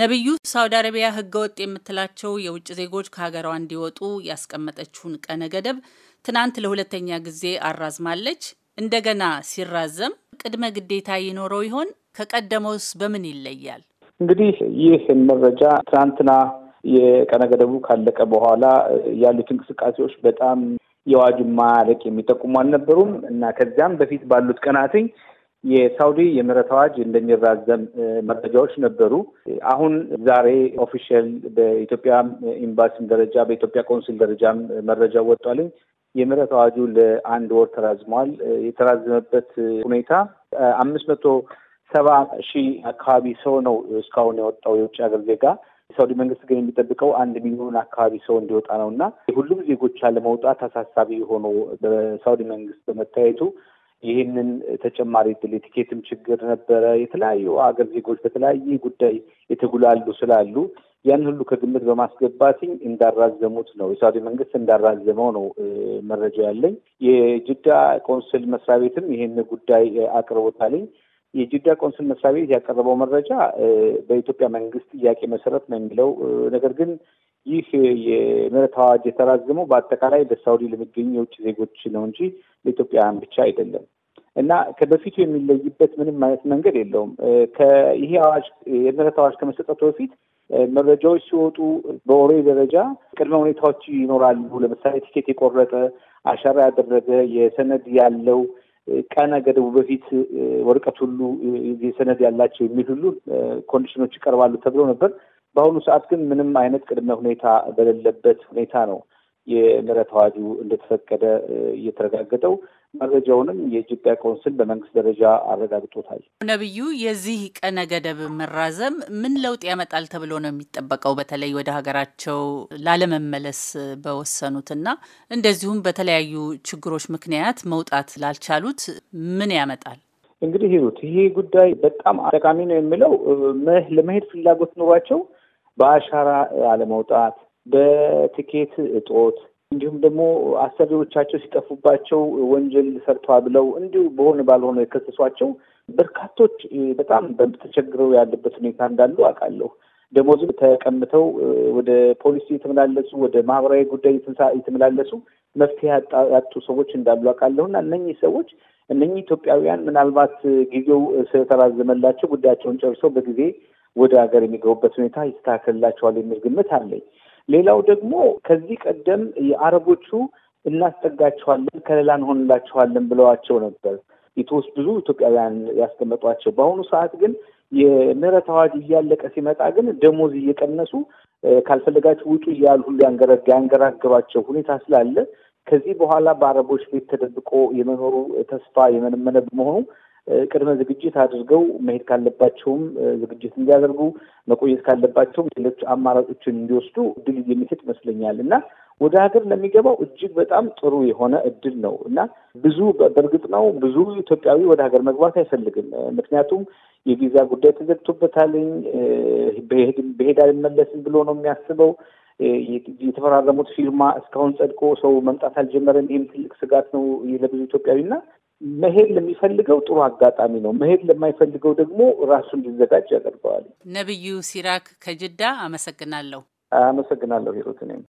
ነቢዩ ሳውዲ አረቢያ ህገወጥ የምትላቸው የውጭ ዜጎች ከሀገሯ እንዲወጡ ያስቀመጠችውን ቀነ ገደብ ትናንት ለሁለተኛ ጊዜ አራዝማለች። እንደገና ሲራዘም ቅድመ ግዴታ ይኖረው ይሆን? ከቀደመውስ በምን ይለያል? እንግዲህ ይህ መረጃ ትናንትና የቀነ ገደቡ ካለቀ በኋላ ያሉት እንቅስቃሴዎች በጣም የዋጁን ማለቅ የሚጠቁሙ አልነበሩም እና ከዚያም በፊት ባሉት ቀናትኝ የሳውዲ የምህረት አዋጅ እንደሚራዘም መረጃዎች ነበሩ። አሁን ዛሬ ኦፊሻል በኢትዮጵያ ኤምባሲም ደረጃ በኢትዮጵያ ቆንስል ደረጃም መረጃ ወጧል። የምህረት አዋጁ ለአንድ ወር ተራዝሟል። የተራዘመበት ሁኔታ አምስት መቶ ሰባ ሺህ አካባቢ ሰው ነው እስካሁን የወጣው የውጭ ሀገር ዜጋ የሳውዲ መንግስት ግን የሚጠብቀው አንድ ሚሊዮን አካባቢ ሰው እንዲወጣ ነው እና ሁሉም ዜጎች ያለመውጣት አሳሳቢ ሆኖ በሳውዲ መንግስት በመታየቱ ይህንን ተጨማሪ ድል ችግር ነበረ። የተለያዩ አገር ዜጎች በተለያየ ጉዳይ የተጉላሉ ስላሉ ያን ሁሉ ከግምት በማስገባት እንዳራዘሙት ነው የሳዑዲ መንግስት እንዳራዘመው ነው መረጃ ያለኝ። የጅዳ ቆንስል መስሪያ ቤትም ይህን ጉዳይ አቅርቦታልኝ። የጅዳ ቆንስል መስሪያ ቤት ያቀረበው መረጃ በኢትዮጵያ መንግስት ጥያቄ መሰረት ነው የሚለው ነገር ግን ይህ የምህረት አዋጅ የተራዘመው በአጠቃላይ በሳውዲ ለሚገኙ የውጭ ዜጎች ነው እንጂ ለኢትዮጵያውያን ብቻ አይደለም እና ከበፊቱ የሚለይበት ምንም አይነት መንገድ የለውም። ይሄ አዋጅ የምህረት አዋጅ ከመሰጠቱ በፊት መረጃዎች ሲወጡ በወሬ ደረጃ ቅድመ ሁኔታዎች ይኖራሉ። ለምሳሌ ቲኬት የቆረጠ፣ አሻራ ያደረገ፣ የሰነድ ያለው ቀነ ገደቡ በፊት ወረቀት ሁሉ የሰነድ ያላቸው የሚል ሁሉ ኮንዲሽኖች ይቀርባሉ ተብሎ ነበር። በአሁኑ ሰዓት ግን ምንም አይነት ቅድመ ሁኔታ በሌለበት ሁኔታ ነው የምህረት አዋጁ እንደተፈቀደ እየተረጋገጠው መረጃውንም የኢትዮጵያ ቆንስል በመንግስት ደረጃ አረጋግጦታል። ነቢዩ፣ የዚህ ቀነ ገደብ መራዘም ምን ለውጥ ያመጣል ተብሎ ነው የሚጠበቀው? በተለይ ወደ ሀገራቸው ላለመመለስ በወሰኑትና እንደዚሁም በተለያዩ ችግሮች ምክንያት መውጣት ላልቻሉት ምን ያመጣል? እንግዲህ ይሄ ጉዳይ በጣም ጠቃሚ ነው የሚለው ለመሄድ ፍላጎት ኑሯቸው በአሻራ አለመውጣት፣ በትኬት እጦት እንዲሁም ደግሞ አሰሪዎቻቸው ሲጠፉባቸው ወንጀል ሰርተዋል ብለው እንዲሁ በሆነ ባልሆነ የከሰሷቸው በርካቶች በጣም ተቸግረው ያለበት ሁኔታ እንዳሉ አውቃለሁ። ደሞዝ ተቀምተው ወደ ፖሊስ የተመላለሱ ወደ ማህበራዊ ጉዳይ የተመላለሱ መፍትሄ ያጡ ሰዎች እንዳሉ አውቃለሁ እና እነኚህ ሰዎች እነኚህ ኢትዮጵያውያን ምናልባት ጊዜው ስለተራዘመላቸው ጉዳያቸውን ጨርሰው በጊዜ ወደ ሀገር የሚገቡበት ሁኔታ ይስተካከልላቸዋል የሚል ግምት አለኝ። ሌላው ደግሞ ከዚህ ቀደም የአረቦቹ እናስጠጋቸዋለን፣ ከሌላ እንሆንላቸዋለን ብለዋቸው ነበር ኢትዮስ ብዙ ኢትዮጵያውያን ያስቀመጧቸው። በአሁኑ ሰዓት ግን የምህረት አዋጅ እያለቀ ሲመጣ ግን ደሞዝ እየቀነሱ ካልፈለጋችሁ ውጡ እያሉ ሁሉ ያንገራገባቸው ሁኔታ ስላለ ከዚህ በኋላ በአረቦች ቤት ተደብቆ የመኖሩ ተስፋ የመነመነ በመሆኑ ቅድመ ዝግጅት አድርገው መሄድ ካለባቸውም ዝግጅት እንዲያደርጉ መቆየት ካለባቸውም ሌሎች አማራጮችን እንዲወስዱ እድል የሚሰጥ ይመስለኛል እና ወደ ሀገር ለሚገባው እጅግ በጣም ጥሩ የሆነ እድል ነው እና ብዙ በእርግጥ ነው ብዙ ኢትዮጵያዊ ወደ ሀገር መግባት አይፈልግም። ምክንያቱም የቪዛ ጉዳይ ተዘግቶበታልኝ በሄድ አልመለስም ብሎ ነው የሚያስበው። የተፈራረሙት ፊርማ እስካሁን ጸድቆ ሰው መምጣት አልጀመረም። ይህም ትልቅ ስጋት ነው ለብዙ ኢትዮጵያዊ እና መሄድ ለሚፈልገው ጥሩ አጋጣሚ ነው። መሄድ ለማይፈልገው ደግሞ ራሱ እንዲዘጋጅ ያደርገዋል። ነቢዩ ሲራክ ከጅዳ አመሰግናለሁ። አመሰግናለሁ ሂሩት።